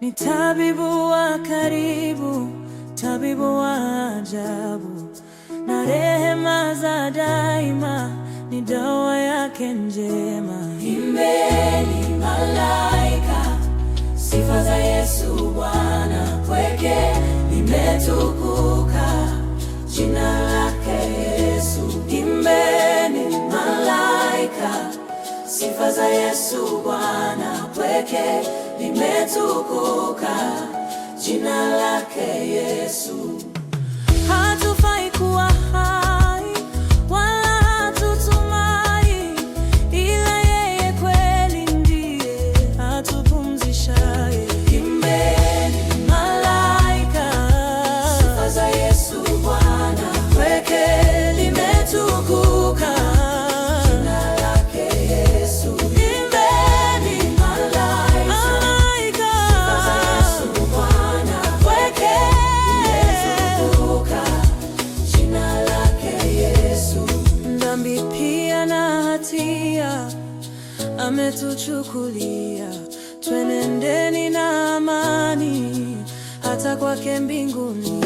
Ni tabibu wa karibu, tabibu wa ajabu, na rehema za daima ni dawa yake njema. Imbeni malaika sifa za Yesu Bwana kweke limetuku sifa za Yesu Bwana pweke limetukuka, jina lake Yesu ametuchukulia, twenendeni na amani hata kwake mbinguni.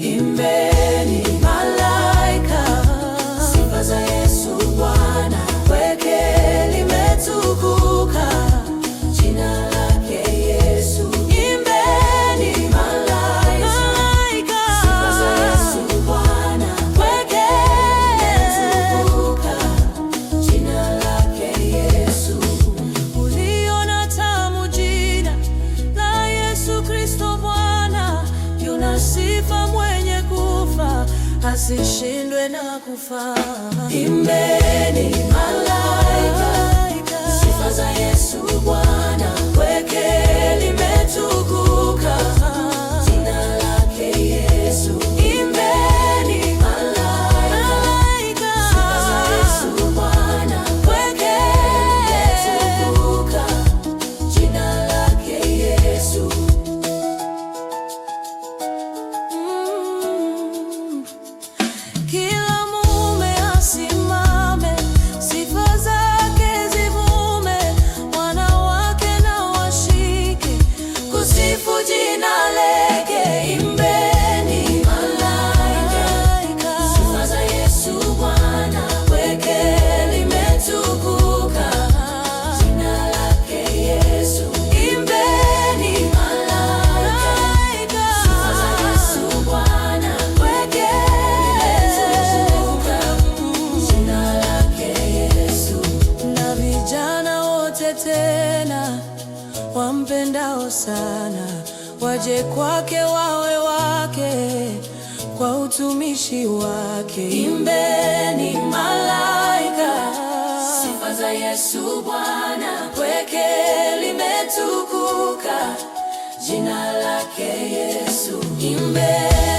Imbeni. sifa mwenye kufa asishindwe na kufa. Imbeni malaika tena, wampendao sana waje kwake, wawe wake kwa utumishi wake. Imbeni malaika, sifa za Yesu Bwana, kwake limetukuka jina lake Yesu. Imbeni